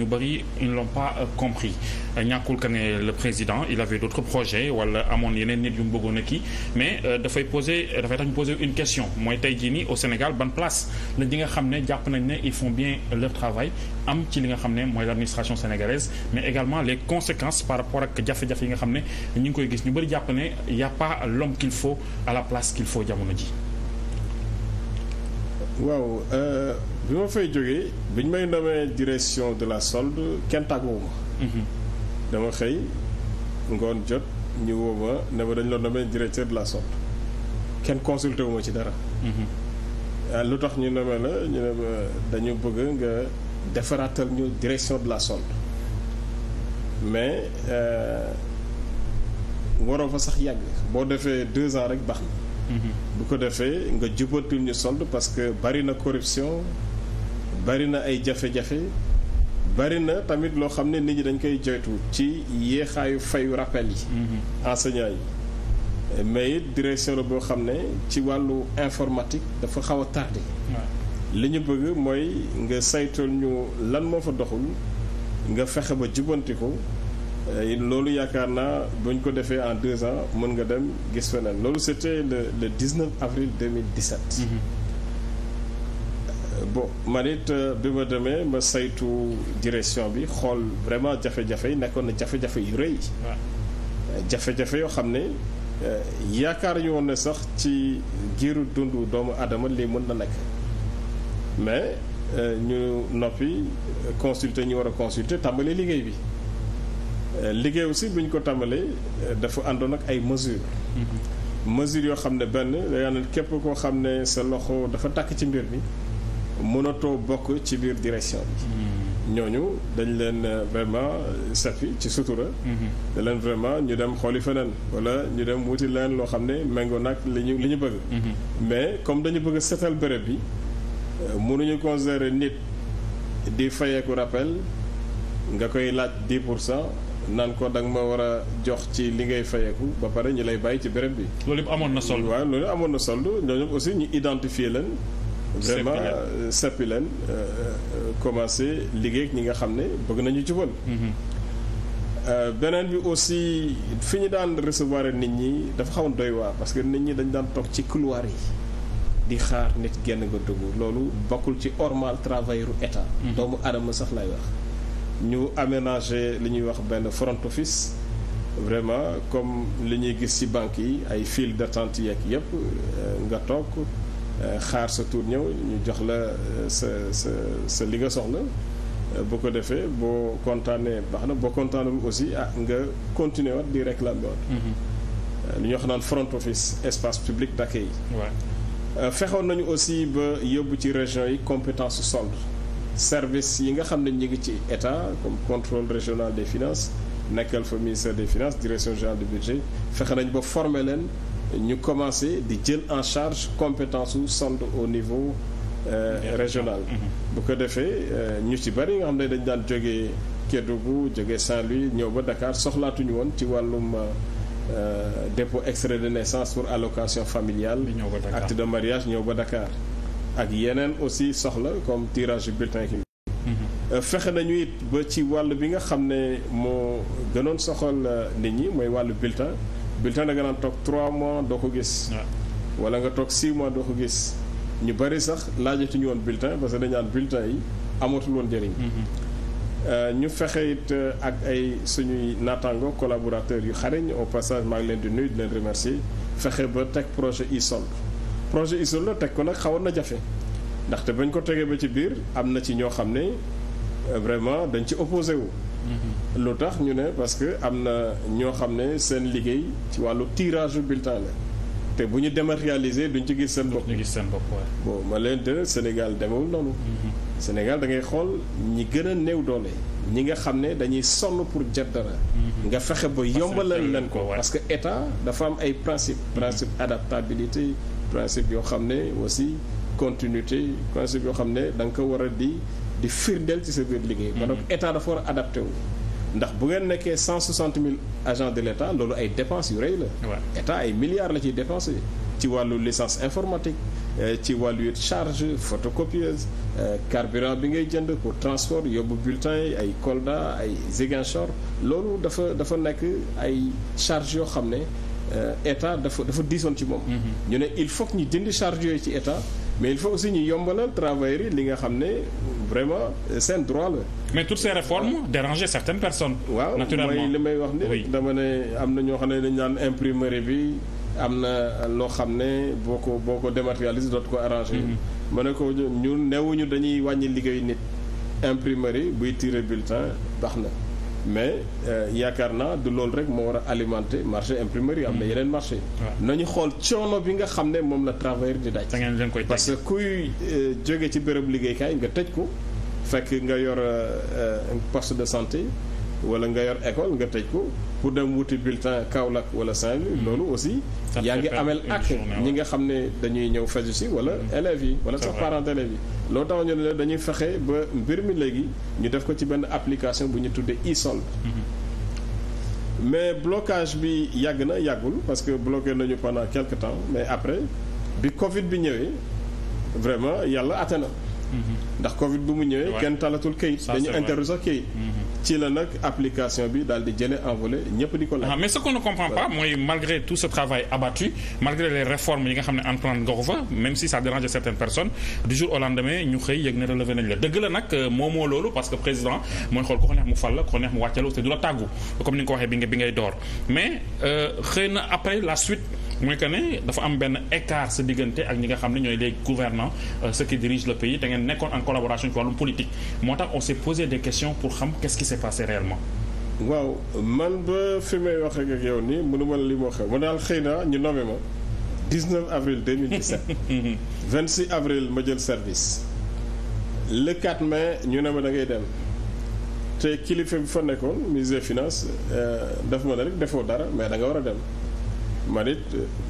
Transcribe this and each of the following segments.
ñu bëri ils l'ont pas euh, compris euh, ñàkkul que ne le président il avait d'autres projets wala amoon yeneen nit yu mu bëggoon a kii mais euh, dafay poser dafay tax ñu poser une question mooy tey jii nii au Sénégal ban place la ñi nga xam ne jàpp nañ ne il font bien leur travail am ci li nga xam ne mooy l'administration sénégalaise mais également les conséquences par rapport ak jafe-jafe yi nga xam ne ñu ngi koy gis ñu bëri jàpp ne y a pas l'homme qu'il faut à la jamono ji waaw euh, bi ma fay jógee bi ñu may nommé direction de la solde kenn tàgguwu ma mhm. dama xëy ngoon jot ñu woo ma ne ma dañu la nommé directeur de la solde kenn consulté wu ma ci dara mhm. euh, lu tax ñu nommé la ñu ne dañu bëgg nga defaraatal ñu direction de la solde mais euh, waroo fa sax yàgg boo defee deux ans rek baax na bu ko defee nga jubantul ñu solde parce que bari na corruption bari na ay jafe-jafe bari na tamit loo xam ne nit ñi dañ koy joytu ci yéexaayu fayu rappel yi mm-hmm. enseignants yi mais it direction la boo xam ne ci wàllu informatique dafa xaw a tardé li ñu bëgg mooy nga saytul lan moo fa doxul nga fexe ba jubanti ko Euh, loolu yaakaar naa buñ ko defee en deux ans mën nga dem gis feneen loolu c'était le le 19 avril 2017. Mm -hmm. bon man it euh, bi ma demee ma saytu direction bi xool vraiment jafe-jafe yi nekkoon na jafe-jafe yu rëy. Euh, jafe-jafe yoo xam ne yaakaar ñu woon ne sax ci giiru dund doomu aadama lii mën na nekk mais ñu noppi consulter ñu war a tàmbali liggéey bi. Euh, liggéey aussi bu ñu ko tàmbalee euh, dafa àndoon nag ay mesures. Mm-hmm. mesures yoo xam ne benn yaa ne képp koo xam ne sa loxo dafa takk ci mbir bi mënatoo bokk ci biir direction bi. Mm-hmm. ñooñu dañ leen euh, vraiment sapi ci sutura. Mm-hmm. da leen vraiment ñu dem xooli feneen wala ñu dem wuti leen loo xam ne méngoo nag li ñu li ñu bëgg. mais comme dañu bëgg setal béréb bi mënuñu considérer nit di fayeeku rappel nga koy laaj 10 pour cent. naan ko da nga ma war a jox ci li ngay fayeeku ba pare ñi lay bàyyi ci béréb bi. loolu yëpp amoon na solde. waaw loolu amoon na solde ñooñu aussi ñu identifier leen. vraiment euh, seppi leen euh, euh, commencé liggéey ñi nga xam ne bëgg nañu jubal. Mhm. beneen bi aussi fi ñu daan recevoir nit ñi dafa xawoon doy waar parce que nit ñi dañ daan toog ci couloir yi di xaar nit genn nga dugg loolu bokkul ci normal travailleur état. Mhm. doomu aadama sax lay wax. ñu aménager li ñuy wax benn front office vraiment comme li ñuy gis ci banque yi ay file d'attente yeeg yépp euh, nga toog euh, xaar sa tour ñëw ñu jox la euh, sa sa sa li nga soxla bu ko defee boo kontaanee baax na boo kontaanul aussi ah nga continuer wat di réclamer wat mm-hmm. li ñuy wax naan front office espace public d'accueil yi fexoon nañu aussi ba yóbbu ci région yi compétence solde service yi nga xam ne ñu ngi ci état comme contrôle régional des finances nekkal fa ministère des finances direction générale du budget fexe nañu ba former leen ñu commencé di jël en charge compétence su sand au niveau euh, régional mm-hmm. bu ko defee euh, ñu ci bari nga xam ne dañ daan jógee Kédougou jóge Saint-Louis ñëw ba dakaar soxlaatuñu woon ci wàllum euh, dépôt extrait de naissance pour allocation familiale acte de mariage ñëw ba dakaar ak yeneen aussi soxla comme tirage bulletin ki mhm. euh, fexe nañu it ba ci wàll bi nga xam ne moo gënoon soxal euh, nit ñi mooy wàll bulletin bulletin da nga naan toog 3 mois doo ko gis wala nga toog 6 mois doo ko gis ñu bëri sax laajatuñu woon bulletin parce que dañu naan bulletin yi amatul woon njëriñ mhm. euh, ñu fexe it ak ay suñuy naataango collaborateurs yu xariñ au passage maa ngi leen di nuy leen remercier fexe ba teg projet i solde projet ISRA la teg ko nag xawoon na jafe ndaxte bañ ko tegee ba ci biir am na ci ñoo xam ne euh, vraiment dañ ci opposé wu. Mm-hmm. lu tax ñu ne parce que am na ñoo xam ne seen liggéey ci wàllu tirage bulletin la te bu ñu dématérialisé duñ ci gis seen bopp. duñ ci gis seen bopp bon ma leen de Sénégal demewul noonu. Mm-hmm. Sénégal da ngay xool ñi gën a néew doole ñi nga xam ne dañuy sol pour jet dara. Mm-hmm. nga fexe ba yombalal leen ko. parce que état dafa am ay principe principe adaptabilité. principe yoo xam ne aussi continuité principe yoo xam ne da nga ko war a di di firndeel ci sa biir liggéey ba donc mm-hmm. état dafa war a ndax bu ngeen nekkee cent soixante mille agents de l' état loolu ay dépenses yu rëy la état ay milliards la ciy dépensé ci wàllu licence informatique euh, ci wàllu charge photocopieuse euh, carburant bi ngay jënd pour transport yóbbu bulletin ay Kolda ay Ziguinchor loolu dafa dafa nekk ay charge yoo xam ne Euh, état dafa dafa diisoon ci moom. Mhm. ñu ne il faut ñu jënd charge yooyu ci état mais il faut aussi ñu yombalal travailleurs yi li nga xam ne vraiment euh, seen droit la. mais toutes ces réformes dérangeaient certaines personnes. waaw mooy li may wax ni dama ne am na ñoo xam ne dañu naan imprimerie bi. am na loo xam ne boo ko boo ko dématérialisé dootu ko arrangé. Mhm. ma ne ko ñun newuñu dañuy wàññi liggéey nit. imprimerie buy tiire bulletin baax na. mais euh, yaakaar naa du loolu rek moo war a alimenter marché imprimerie am na mm. yeneen marché nañu xool coono bi nga xam ne moom la travailleur di daj parce que kuy euh, jóge ci béréb liggéeykaay nga tëj ko fekk nga yor euh, poste de santé wala nga yor école nga tëj ko pour dem wuti bulletin Kaolack wala saint mm. loolu aussi yaa ngi amel ak ñi nga xam ne dañuy ñëw faju si wala mm. élèves yi wala sax parents d'élèves yi loo tax ñu ne dañuy fexe ba mbir mi léegi ñu def ko ci benn application bu ñu tuddee e-sol mais blocage bi yàgg na yàggul parce que bloqué nañu pendant quelque temps mais après bi Covid bi ñëwee vraiment yàlla atte na mhm. ndax Covid bu mu ñëwee kenn talatul kayit dañu interdit sax mhm. ci la nag application bi daal di jëlee envolé ñëpp di ko laaj. Ah, mais ce qu'on ne comprend pas mooy malgré tout ce travail abattu malgré les réformes yi nga xam ne entreprendre nga ko fa même si ça dérange certaines personnes du jour au lendemain ñu xëy yëg ne relevé nañ la dëgg la nag euh, moomoo loolu parce que président mooy xool ku ko mu fal ku ko mu wàcce te du la tàggu comme ni nga ko waxee bi ngay door mais euh, xëy na après la suite. mooy que ne dafa am benn écart sa diggante ak ñi nga xam ne ñooy les gouvernants euh, ceux qui dirigent le pays da ngeen nekkoon en collaboration ci wàllum politique moo tax on s'est posé des questions pour xam qu'est-ce qui s'est passé réellement waaw man ba fi may wax ak yow nii mënu ma li moo xew ma daal xëy na ñu nommé ma 19 avril 2017 26 avril ma jël service le mais ñu ne ma da ngay dem te kilifa bu fa nekkoon ministre des finances euh, daf ma ne rek defoo dara mais da nga war a dem man it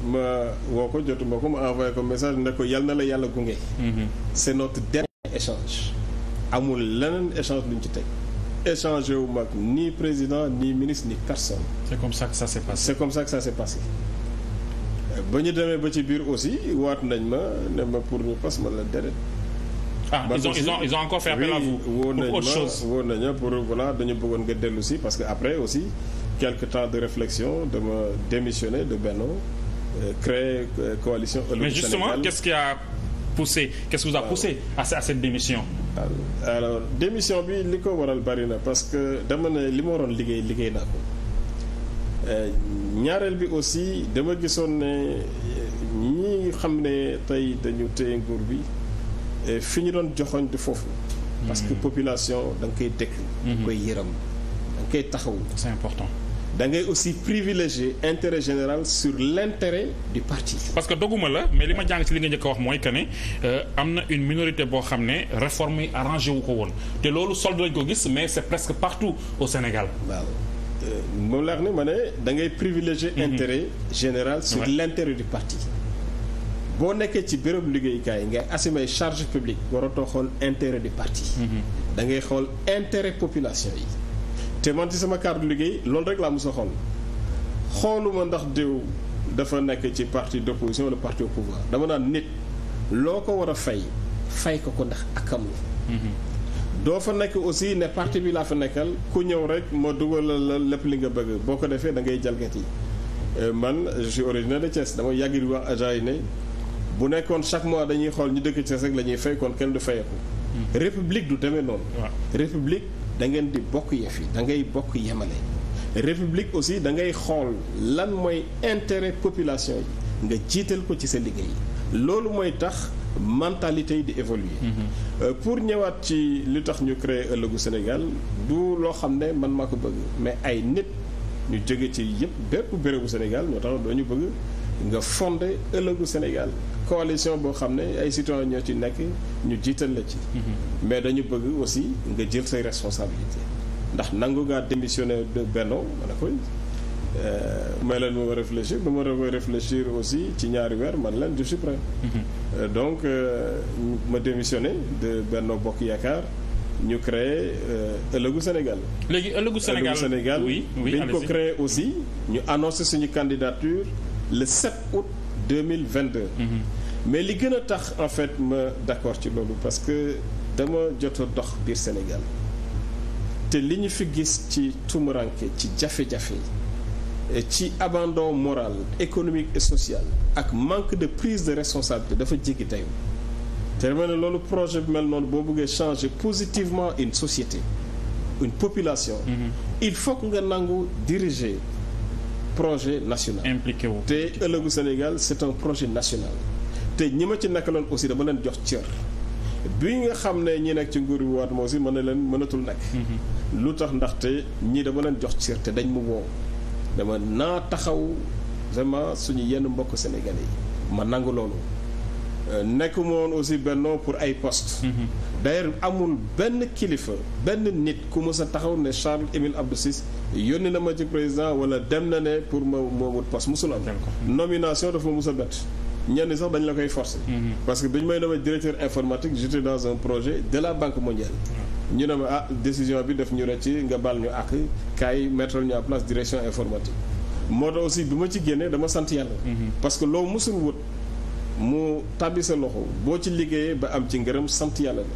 ma woo ko jotuma ko ma envoyé ko message ne ko yal na la yàlla gunge. Mhm. c'est notre dernier échange. amul leneen échange lu ñu ci teg. échangé wu mag ni président ni ministre ni personne. c'est comme ça que ça s'est passé. c'est comme ça que ça s'est passé. ba ñu demee ba ci biir aussi waat nañ ma ne ma pour ñu pas ma la déret. ah ils ont, ils ont ils ont encore fait appel à vous. pour autre chose woo nañ ma woo nañ ma pour voilà dañu bëggoon nga dellu si parce que après aussi. quelque temps de réflexion dama démissionner de Benno euh, créer euh, coalition. mais justement qu'est-ce qui a poussé a ah. à cette démission. Ah, alors démission bi li ko waral bari na parce que dama ne li ma waroon liggéey liggéey naa ko euh, ñaareel bi aussi dama gisoon ne ñi xam ne tey dañu téye nguur bi fi ñu doon joxoñ du foofu. parce que hmm. population da nga koy dëkk. Hmm. da nga koy yëram da koy taxaw. c'est important. da ngay aussi privilégier intérêt général sur l'intérêt du parti. parce que doguma la mais li ma jàng ci li nga njëkk wax mooy que ne euh, am na une minorité boo xam ne réforme yi arrangé wu ko woon te loolu solde lañ ko gis mais c'est presque partout au Sénégal. waaw euh, moom laa wax ne ma ne da ngay privilégier mhm. intérêt général sur l'intérêt du parti. boo nekkee ci béréb liggéeyukaay ngay assumer charge publique waratoo xool intérêt du parti. Mhm. da ngay xool intérêt population yi. te man ci sama cadre liggéey loolu rek laa mos a xool xooluma ndax diw dafa nekk ci parti d'opposition wala parti au dama naan nit loo ko war a fay fay ko ko ndax akam la mhm. doo fa nekk aussi ne parti bi laa fa nekkal ku ñëw rek ma dugalal la lépp li nga bëgg boo ko defee da ngay jalgati yi euh, man je suis originaire de Thiès dama yàgg di wax agent ne bu nekkoon chaque mois dañuy xool ñu dëkk Thiès rek la ñuy fay kon kenn du fayeku mhm. république du demee noonu da ngeen di bokk yëf yi da ngay bokk yemale république aussi da ngay xool lan mooy intérêt population yi nga jiital ko ci sa liggéey loolu mooy tax mentalité yi di évoluer mm-hmm. euh, pour ñëwaat ci li tax ñu créer ëllëgu Sénégal du loo xam ne man maa ko bëgg mais ay nit ñu jóge ci yëpp bépp bérébu Sénégal ñoo tax doo ñu bëgg nga fondé ëllëgu Sénégal coalition boo xam ne ay citoyen ñoo ci nekk ñu jiital la ci mhm. mais dañu bëgg aussi nga jël say responsabilité ndax nangu ngaa démissionné de Benno ma ne koy euh, leen ma réfléchir ba ma koy aussi ci ñaari weer man leen je suis mhm. euh, donc euh, ma démissionné de Benno Bokk Yaakaar ñu créé ëllëgu Sénégal. léegi ëllëgu Sénégal ëllëgu ko créé aussi. ñu annoncé suñu candidature. le 7 août 2022. Mm-hmm. mais li gën a tax en fait ma d'accord ci loolu parce que dama joto dox biir Sénégal te li ñu fi gis ci tumuranke ci jafe-jafe yi ci abandon moral économique et social ak manque de prise de responsabilité dafa jéggi tey te ma ne loolu projet bi mel noonu boo bëggee changé positivement une société une population. Mm-hmm. il faut que nga nangu diriger. projet national. impliqué wu te ëllëgu Sénégal c'est un projet national. te ñi ma ci nekkaloon aussi dama leen jox cër bi nga xam ne ñi nekk ci nguur bi waat ma aussi mën na leen mënatul nekk. Mhm. lu tax ndaxte ñii dama leen jox cër dañ mu woo dama naa taxaw vraiment suñu yenn mbokk sénégalais yi ma nangu loolu. Euh, nekkuma woon aussi bennoo pour ay poste mhm. d'ailleurs amul benn kilifa benn nit ku mës a taxaw ne Charles Émile Abdou Ciss yónni na ma ci président wala dem na ne pour ma moo wut poste musul am nomination dafa ma mus bett ñenn sax dañ la koy forcer mm-hmm. parce que bi ñu may dama directeur informatique j'étais dans un projet de la banque mondiale ñu ne ma ah décision bi daf ñu rëcc nga baal ñu ak kaay mettre ñu en place direction informatique moo tax aussi bi ma ci génnee dama sant yàlla mm-hmm. parce que loo musul wut mu tàbbi sa loxo boo ci liggéeyee ba am ci ngërëm sant yàlla